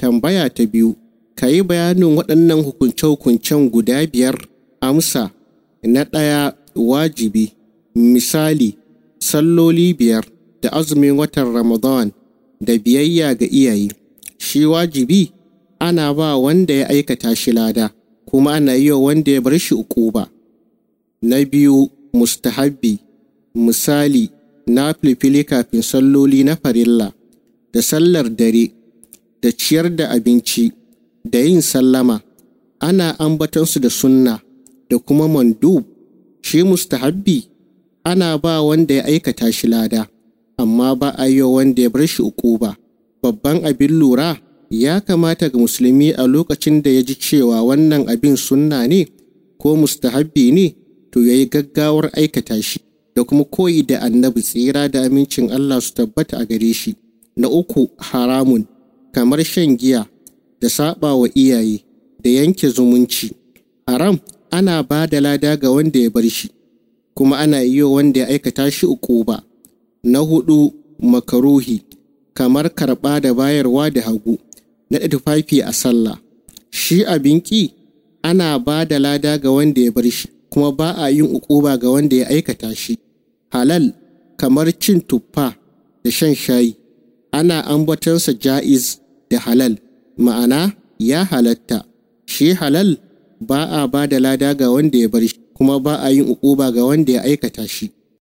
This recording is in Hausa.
Tambaya ta biyu, ka yi bayanin waɗannan hukunce-hukuncen guda biyar amsa na ɗaya wajibi, misali, salloli biyar da azumin watan Ramadan da biyayya ga iyaye. Shi wajibi ana ba wanda ya aikata shi lada, kuma ana yi wa wanda ya bar shi uku ba. Na biyu, mustahabbi, misali, na filfili kafin salloli na farilla da sallar dare da ciyar da abinci da yin sallama ana ambatansu da sunna da kuma mandub shi mustahabbi ana ba wanda ya aikata shi lada amma ba a yi wanda ya bar shi uku ba. babban abin lura ya kamata ga musulmi a lokacin da ya ji cewa wannan abin sunna ne ko mustahabbi ne to ya yi gaggawar aikata shi da kuma koyi da annabi tsira da amincin Allah su tabbata a gare shi na uku haramun kamar shan giya da saɓa wa iyaye da yanke zumunci. Haram ana ba da lada ga wanda ya bar shi, kuma ana yi wa wanda ya aikata shi uku ba. Na hudu makaruhi, kamar karɓa da bayarwa da hagu, na tufafi a sallah. Shi abin ƙi ana ba da lada ga wanda ya bar shi, kuma ba a yin ukuba ga wanda ya aikata shi. Halal kamar cin tuffa da shan shayi. ana ambatonsa ja'iz da halal ma'ana ya halatta shi halal ba a ba da lada ga wanda ya bar shi kuma ba a yin uku ga wanda ya aikata shi